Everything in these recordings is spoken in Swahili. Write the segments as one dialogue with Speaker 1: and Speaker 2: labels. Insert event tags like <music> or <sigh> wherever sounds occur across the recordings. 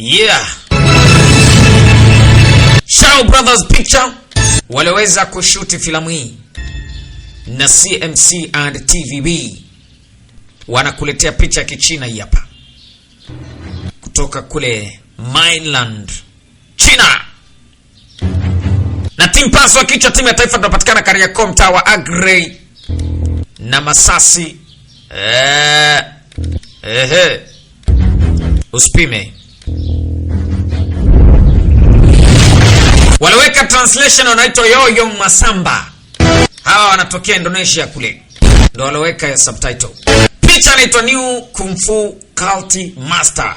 Speaker 1: Yeah. Shaw Brothers Picture waliweza kushuti filamu hii na CMC and TVB wanakuletea picha ya kichina hii hapa kutoka kule mainland China na timu paso kichwa timu ya taifa tunapatikana Kariakoo, mtaa wa Agrey na Masasi. Eee. Eh, ehe. Usipime Waliweka translation wanaitwa Yoyong Masamba. Hawa wanatokea Indonesia kule. ndo waliweka subtitle. Picha anaitwa New Kung Fu Cult Master.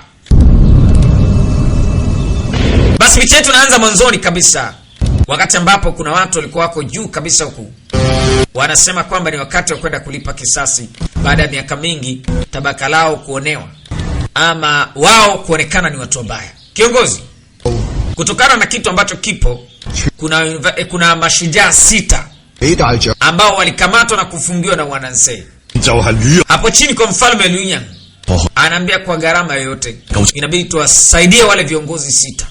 Speaker 1: Basi picha yetu inaanza mwanzoni kabisa. Wakati ambapo kuna watu walikuwa wako juu kabisa huku. Wanasema kwamba ni wakati wa kwenda kulipa kisasi baada ya miaka mingi tabaka lao kuonewa ama wao kuonekana ni watu wabaya. Kiongozi kutokana na kitu ambacho kipo. Kuna, eh, kuna mashujaa sita ambao walikamatwa na kufungiwa na wanansei hapo chini. Kwa mfalme Luyan anaambia kwa gharama yoyote inabidi tuwasaidie wale viongozi sita.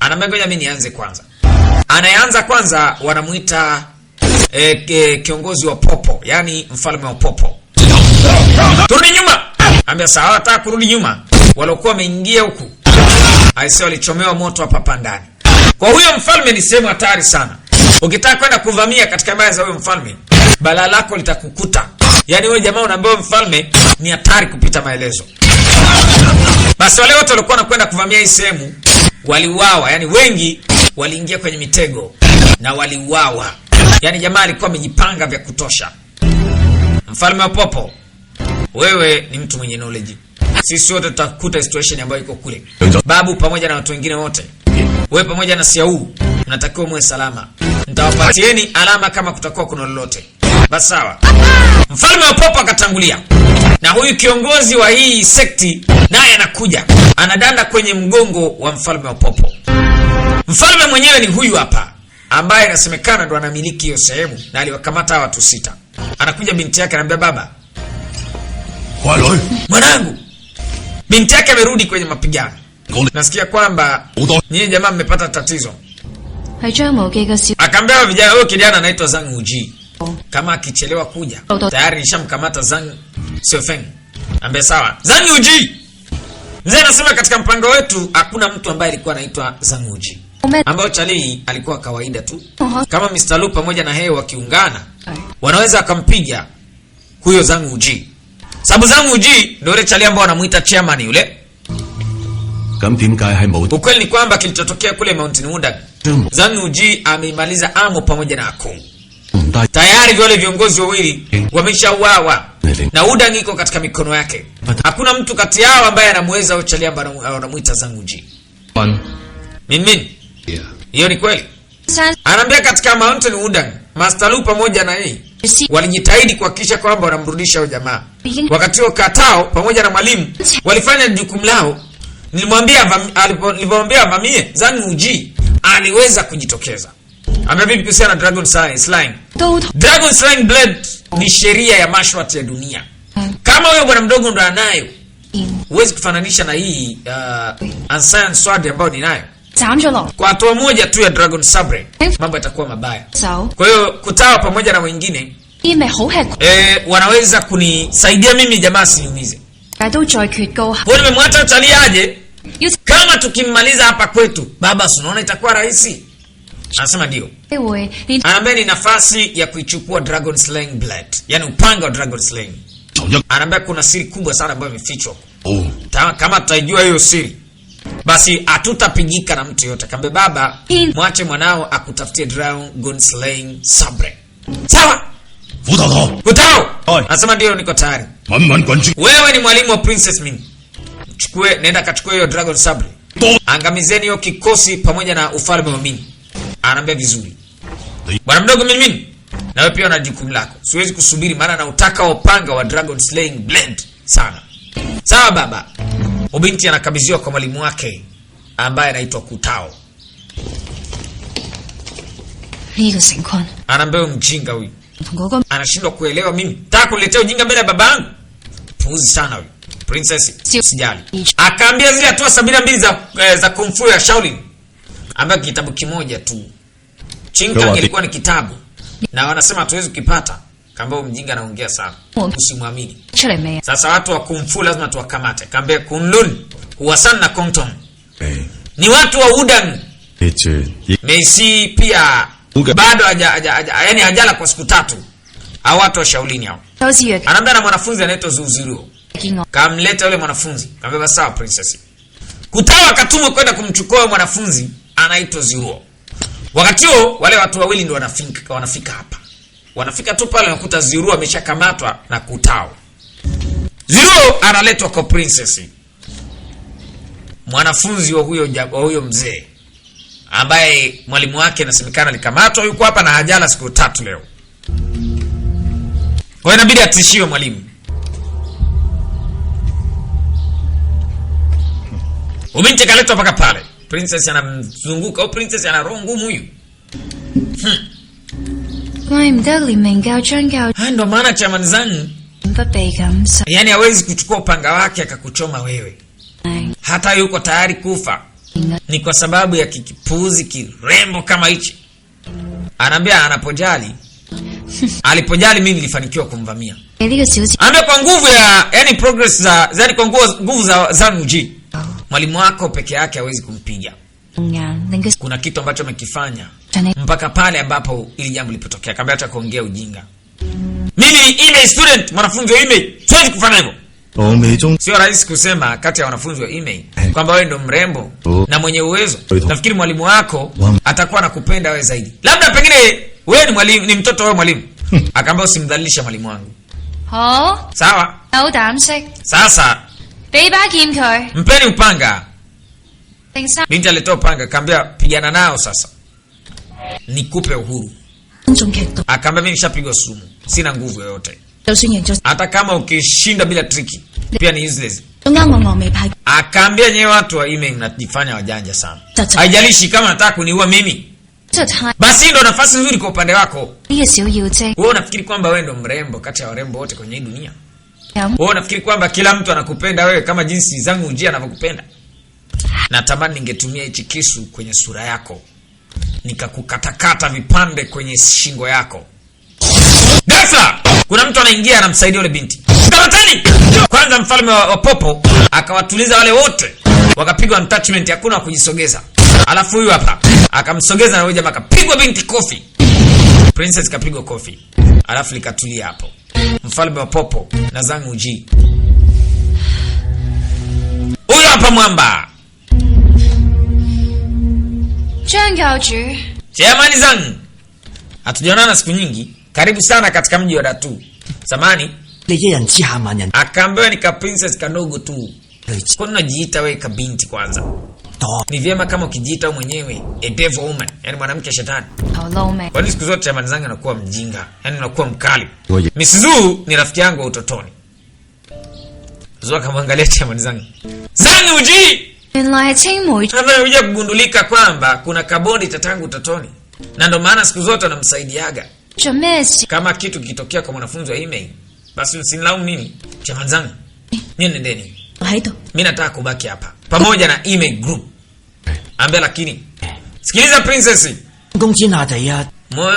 Speaker 1: Anaambia ngoja mimi nianze kwanza. Anayeanza kwanza wanamuita eh, eh, kiongozi wa popo, yani mfalme wa popo, turudi nyuma. ambia sawa, nataka kurudi nyuma. Waliokuwa wameingia huku aise walichomewa moto hapa hapa ndani. Kwa huyo mfalme ni sehemu hatari sana. Ukitaka kwenda kuvamia katika baya za huyo mfalme, balaa lako litakukuta. Yaani wewe jamaa unaambiwa mfalme ni hatari kupita maelezo. Basi wale wote walikuwa wanakwenda kuvamia hii sehemu waliuawa, yaani wengi waliingia kwenye mitego na waliuawa. Yaani jamaa alikuwa amejipanga vya kutosha. Mfalme wa Popo, wewe ni mtu mwenye knowledge sisi wote tutakuta situation ambayo iko kule. Babu pamoja na watu wengine wote, we pamoja na Siau, natakiwa muwe salama. Nitawapatieni alama kama kutakuwa kuna lolote. Basi sawa. Mfalme wa Popo akatangulia, na huyu kiongozi wa hii sekti naye anakuja, anadanda kwenye mgongo wa mfalme wa Popo. Mfalme mwenyewe ni huyu hapa, ambaye inasemekana ndo anamiliki hiyo sehemu na aliwakamata watu sita. Anakuja binti yake anaambia baba mwanangu binti yake amerudi kwenye mapigano. Nasikia kwamba nyinyi jamaa mmepata tatizo. Akaambia vijana, huyo kijana anaitwa Zhang Uji. Oh. Kama akichelewa kuja, oh, oh. tayari nishamkamata Zhang Xiaofeng. Ambe sawa. Zhang Uji. Mzee anasema katika mpango wetu hakuna mtu ambaye alikuwa anaitwa Zhang Uji. ambayo Chalii alikuwa kawaida tu. Uh-huh. Kama Mr. Lu pamoja na He wakiungana, wanaweza wakampiga huyo Zhang Uji sababu zangu uji ndio ile chali ambao wanamuita chairman yule. Ukweli ni kwamba kilichotokea kule Mount Nunda, Zanguji ameimaliza Amu pamoja na Akung. Tayari vyole viongozi wawili wameshauawa na Udang iko katika mikono yake. Hakuna mtu kati yao ambaye anamweza Ochaliamba anamuita Zanguji. Minmin. Hiyo ni kweli. Anaambia katika Mount Udang, Master Lu pamoja na yeye walijitahidi kuhakikisha kwamba wanamrudisha huyo jamaa. Wakati huo Katao pamoja na mwalimu walifanya jukumu lao. Nilimwambia, alipomwambia avamie zani uji aliweza kujitokeza. Amevipi kuhusiana na Dragon Slaying? Dragon Slaying Blade ni sheria ya mashwat ya dunia. Hmm. Kama wewe bwana mdogo ndo anayo, huwezi kufananisha na hii uh, Unseen Sword ambayo ninayo kwa hatua moja tu ya Dragon Sabre mambo yatakuwa mabaya. So, Kwa hiyo kutawa pamoja na wengine e, wanaweza kunisaidia mimi jamaa siniumize. Nimemwacha utalii aje, kama tukimmaliza hapa kwetu baba, unaona itakuwa rahisi. Anasema ndio, anaambia ni nafasi ya kuichukua Dragon Slaying Blade, yani upanga wa Dragon Slaying. Anaambia kuna siri kubwa sana ambayo imefichwa. Oh. Kama tutaijua hiyo siri basi hatutapigika na mtu yote. Kambe baba, mwache mwanao akutafutie dragon slaying sabre. Sawa, utao utao, anasema ndio, niko tayari. Wewe ni mwalimu wa princess mimi, chukue, nenda kachukue hiyo dragon sabre, angamizeni hiyo kikosi pamoja na ufalme wa mimi. Anaambia vizuri, bwana mdogo, mimi na wewe pia una jukumu lako, siwezi kusubiri, maana nautaka upanga wa dragon slaying blend sana. Sawa baba. Binti anakabidhiwa kwa mwalimu wake ambaye anaitwa Kutao. Anambewa mjinga huyu, anashindwa kuelewa. Mimi nataka kuletea ujinga mbele ya babangu, Puzi sana huyu. Princess sijali, akaambia zile hatua sabini na mbili za, eh, za kung fu ya Shaolin ambayo kitabu kimoja tu Chinga ilikuwa ni kitabu na wanasema hatuwezi kukipata Kaambia mjinga anaongea sana, usimwamini. Sasa watu wa kumfu lazima tuwakamate. Kaambia kunlun huwasan na kongtong eh. Ni watu wa udan mesi pia bado haja, haja, haja, yani ajala kwa siku tatu. au watu wa shaulini hao. Anaambia na mwanafunzi anaitwa Zuzurio. Kamleta yule mwanafunzi. Kaambia basi sawa princess. Kutawa katumwa kwenda kumchukua mwanafunzi anaitwa Zuruo. Wakati huo wale watu wawili ndio wanafika wanafika hapa. Wanafika tu pale nakuta Ziru ameshakamatwa na kutao. Ziru analetwa kwa princess, mwanafunzi wa huyo, wa huyo mzee ambaye mwalimu wake nasemekana alikamatwa, yuko hapa na hajala siku tatu leo. Kwa hiyo inabidi atishiwe mwalimu. Ubinti kaletwa mpaka pale, princess anamzunguka au princess ana roho ngumu huyu hmm. Ndo maana Chaman Zang yani hawezi kuchukua upanga wake akakuchoma wewe, hata yuko tayari kufa, ni kwa sababu ya kikipuzi kirembo kama hichi. Anaambia anapojali <laughs> alipojali mimi nilifanikiwa kumvamia. Ambe kwa nguvu ya yani progress za yani kwa nguvu za Zanuji. mwalimu wako peke yake hawezi kumpiga kuna kitu ambacho amekifanya mpaka pale ambapo ili jambo lipotokea, kabla hata kuongea ujinga. Mimi ile student mwanafunzi wa email siwezi kufanya hivyo. Sio rahisi kusema kati ya wanafunzi wa email eh. kwamba wewe ndo mrembo oh. na mwenye uwezo. Nafikiri mwalimu wako atakuwa anakupenda wewe zaidi, labda pengine wewe ni mwalimu, ni mtoto wewe mwalimu, hmm. akaambia usimdhalilisha mwalimu wangu. Sawa, sasa mpeni upanga Binti alitoa panga, kaambia pigana nao sasa, nikupe uhuru. Akaambia mimi nishapigwa sumu, sina nguvu yoyote, hata kama ukishinda bila triki pia ni useless. Akaambia nyewe watu wa ime mnajifanya wajanja sana, haijalishi kama nataka kuniua mimi basi ndo nafasi nzuri kwa upande wako. Wewe unafikiri kwamba wewe ndo mrembo kati ya warembo wote kwenye hii dunia? Wewe unafikiri kwamba kila mtu anakupenda wewe kama jinsi zangu njia anavyokupenda? natamani ningetumia hichi kisu kwenye sura yako nikakukatakata vipande kwenye shingo yako. Ghafla kuna mtu anaingia anamsaidia yule binti, kamateni kwanza. Mfalme wa, wa popo akawatuliza wale wote, wakapigwa attachment, hakuna wakujisogeza kujisogeza. Alafu huyu hapa akamsogeza na huyu jamaa akapigwa binti kofi, princess kapigwa kofi, alafu likatulia hapo. Mfalme wa popo na zangu uji huyu hapa mwamba Jamani zangu, hatujaonana siku nyingi. Karibu sana katika mji wa Datu. Samani Leje ya nchi akaambiwa ni ka princess kadogo tu. Kwani unajiita wewe ka binti kwanza? Ni vyema kama ukijiita mwenyewe a devil woman, yani mwanamke shetani. Kwani siku zote jamani zangu anakuwa mjinga, yani anakuwa mkali. Misizu ni rafiki yangu wa utotoni. Zua Zuka kamwangalia jamani zangu. Zangu uji Anayokuja kugundulika kwamba kuna kaboni tatangu utotoni, na ndo maana siku zote anamsaidiaga. Kama kitu kikitokea kwa mwanafunzi wa email, basi usinilaumu mimi chamanzani. Nyie nendeni, mi nataka kubaki hapa pamoja na email group ambe. Lakini sikiliza princess,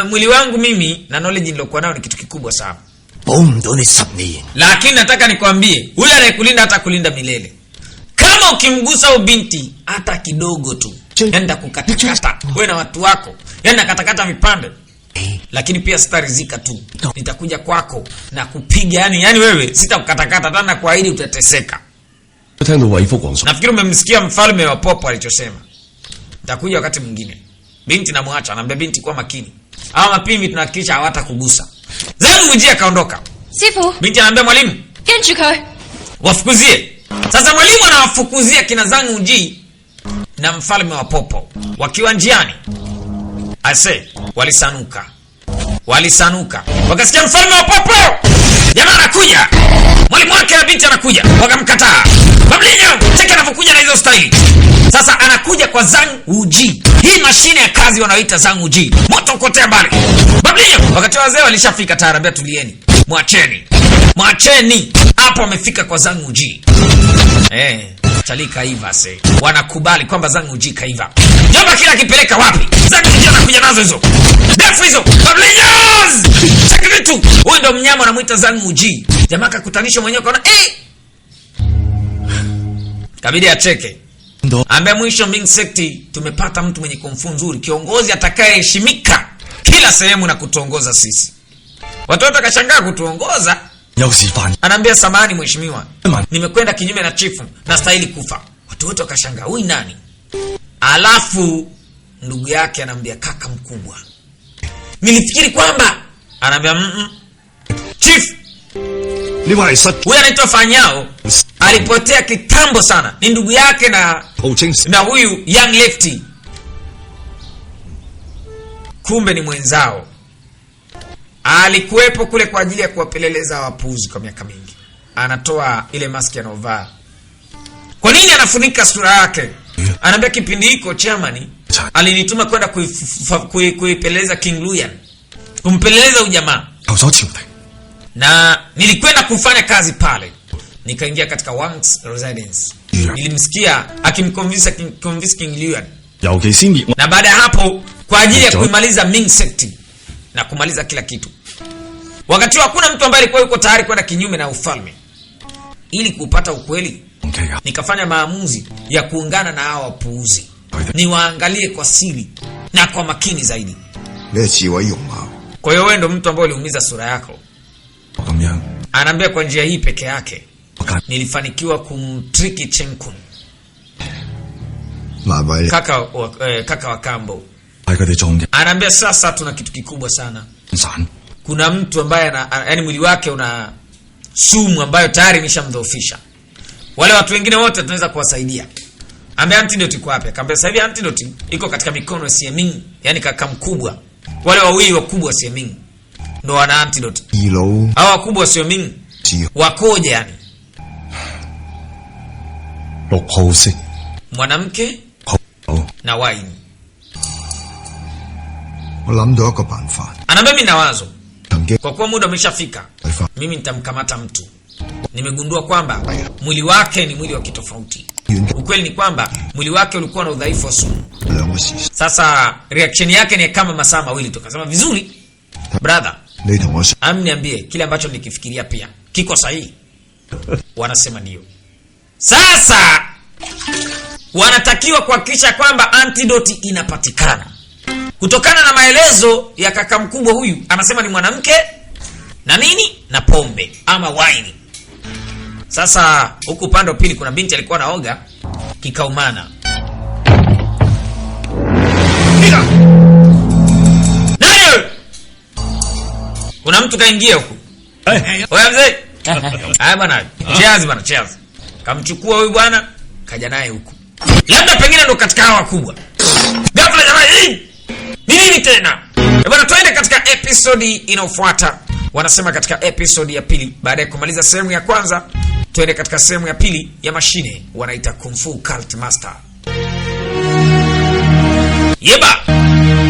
Speaker 1: mwili wangu mimi na knowledge nilokuwa nao ni kitu kikubwa sana, lakini nataka nikwambie, huyu anayekulinda hata kulinda milele ukimgusa ubinti hata kidogo tu, enda yaani kukatakata we na watu wako, enda yaani katakata vipande eh. lakini pia sitarizika tu, nitakuja kwako na kupiga yani, yani wewe sitakukatakata tena, kuahidi utateseka. Nafikiri umemsikia mfalme wa popo alichosema, nitakuja wakati mwingine. Binti namwacha, anaambia binti, kwa makini, hawa mapimbi tunahakikisha hawata kugusa hawatakugusa. Zanuji akaondoka. Sifu binti anaambia mwalimu, wafukuzie sasa mwalimu anawafukuzia kina zangu nji na mfalme wa Popo. Wakiwa njiani, ase walisanuka, walisanuka wakasikia mfalme wa Popo jamaa anakuja, mwalimu wake na binti anakuja, wakamkataa cheke anavyokuja na hizo staili. Sasa anakuja kwa zang Uji, hii mashine ya kazi wanaoita zang Uji, moto ukotea mbali. Wakati wazee walishafika taarabia tulieni, mwacheni, mwacheni hapo. Wamefika kwa zang Uji. Eh, utalii kaiva se. Wanakubali kwamba zangu uji kaiva. Jomba kila kipeleka wapi? Zangu na kuja nazo hizo. Defu hizo. Bablenyaz! Chaki vitu. Huyo ndo mnyama anamuita zangu uji. Jamaa kakutanisha mwenyewe kaona eh. Kabidi acheke. Ndo. Ambe mwisho Ming Sekti tumepata mtu mwenye kumfu nzuri, kiongozi atakayeheshimika kila sehemu na kutuongoza sisi. Watoto kashangaa kutuongoza anaambia samani mheshimiwa, nimekwenda kinyume na chifu, nastahili kufa. Watu wote wakashangaa huyu nani? Alafu ndugu yake anaambia kaka mkubwa, nilifikiri kwamba, anaambia mm -mm. Chifu huyu anaitwa Fanyao, alipotea kitambo sana, ni ndugu yake na oh, na huyu young lefty, kumbe ni mwenzao alikuwepo kule kwa ajili ya kuwapeleleza wapuzi kwa miaka mingi. Anatoa ile maski anaovaa. Kwa nini anafunika sura yake? Anaambia kipindi hiko chairman alinituma kwenda kuipeleleza kui, kui King Luyan, kumpeleleza ujamaa, na nilikwenda kufanya kazi pale. Nikaingia katika Wang's residence, nilimsikia akimconvince King, King Luyan, na baada ya hapo kwa ajili ya kuimaliza Ming sect na kumaliza kila kitu. Wakati hakuna mtu ambaye alikuwa yuko tayari kwenda kinyume na ufalme. Ili kupata ukweli, nikafanya maamuzi ya kuungana na hawa wapuuzi, niwaangalie kwa siri na kwa makini zaidi. Kwa hiyo wewe ndo mtu ambaye uliumiza sura yako, anaambia kwa njia hii peke yake nilifanikiwa kumtriki Chenkun eh. kaka, eh, kaka wa kambo Anaambia sasa tuna kitu kikubwa sana. Kuna mtu ambaye yaani mwili wake una sumu ambayo tayari imeshamdhoofisha. Wale watu wengine wote tunaweza kuwasaidia. Ambaye antidote iko wapi? Akamwambia sasa hivi antidote iko katika mikono ya Sieming, yani kaka mkubwa. Wale wawili wakubwa Sieming ndo wana antidote. Hilo. Hao wakubwa Sieming wakoje yani? Mwanamke oh. na waini wako Anaambia mimi na wazo, kwa kuwa muda umeshafika, mimi nitamkamata mtu. Nimegundua kwamba mwili wake ni mwili wa kitofauti. Ukweli ni kwamba mwili wake ulikuwa na udhaifu wa sumu. Sasa reaction yake ni kama masaa mawili tu. Akasema vizuri, brother, amniambie kile ambacho nikifikiria pia kiko sahihi. Wanasema ndio. Sasa wanatakiwa kuhakikisha kwamba antidoti inapatikana. Kutokana na maelezo ya kaka mkubwa huyu, anasema ni mwanamke na nini na pombe ama waini. Sasa huku upande wa pili kuna binti alikuwa naoga kikaumana kuna mtu kaingia huku. Eh. mzee. <laughs> Haya bwana. Cheers bwana, cheers. Kamchukua huyu bwana, kaja naye huku. Labda pengine ndo katika hawa kubwa ni nini tena? E bana twende katika episodi inayofuata. Wanasema katika episodi ya pili, baada ya kumaliza sehemu ya kwanza, twende katika sehemu ya pili ya mashine wanaita kumfu Cult Master. Yeba.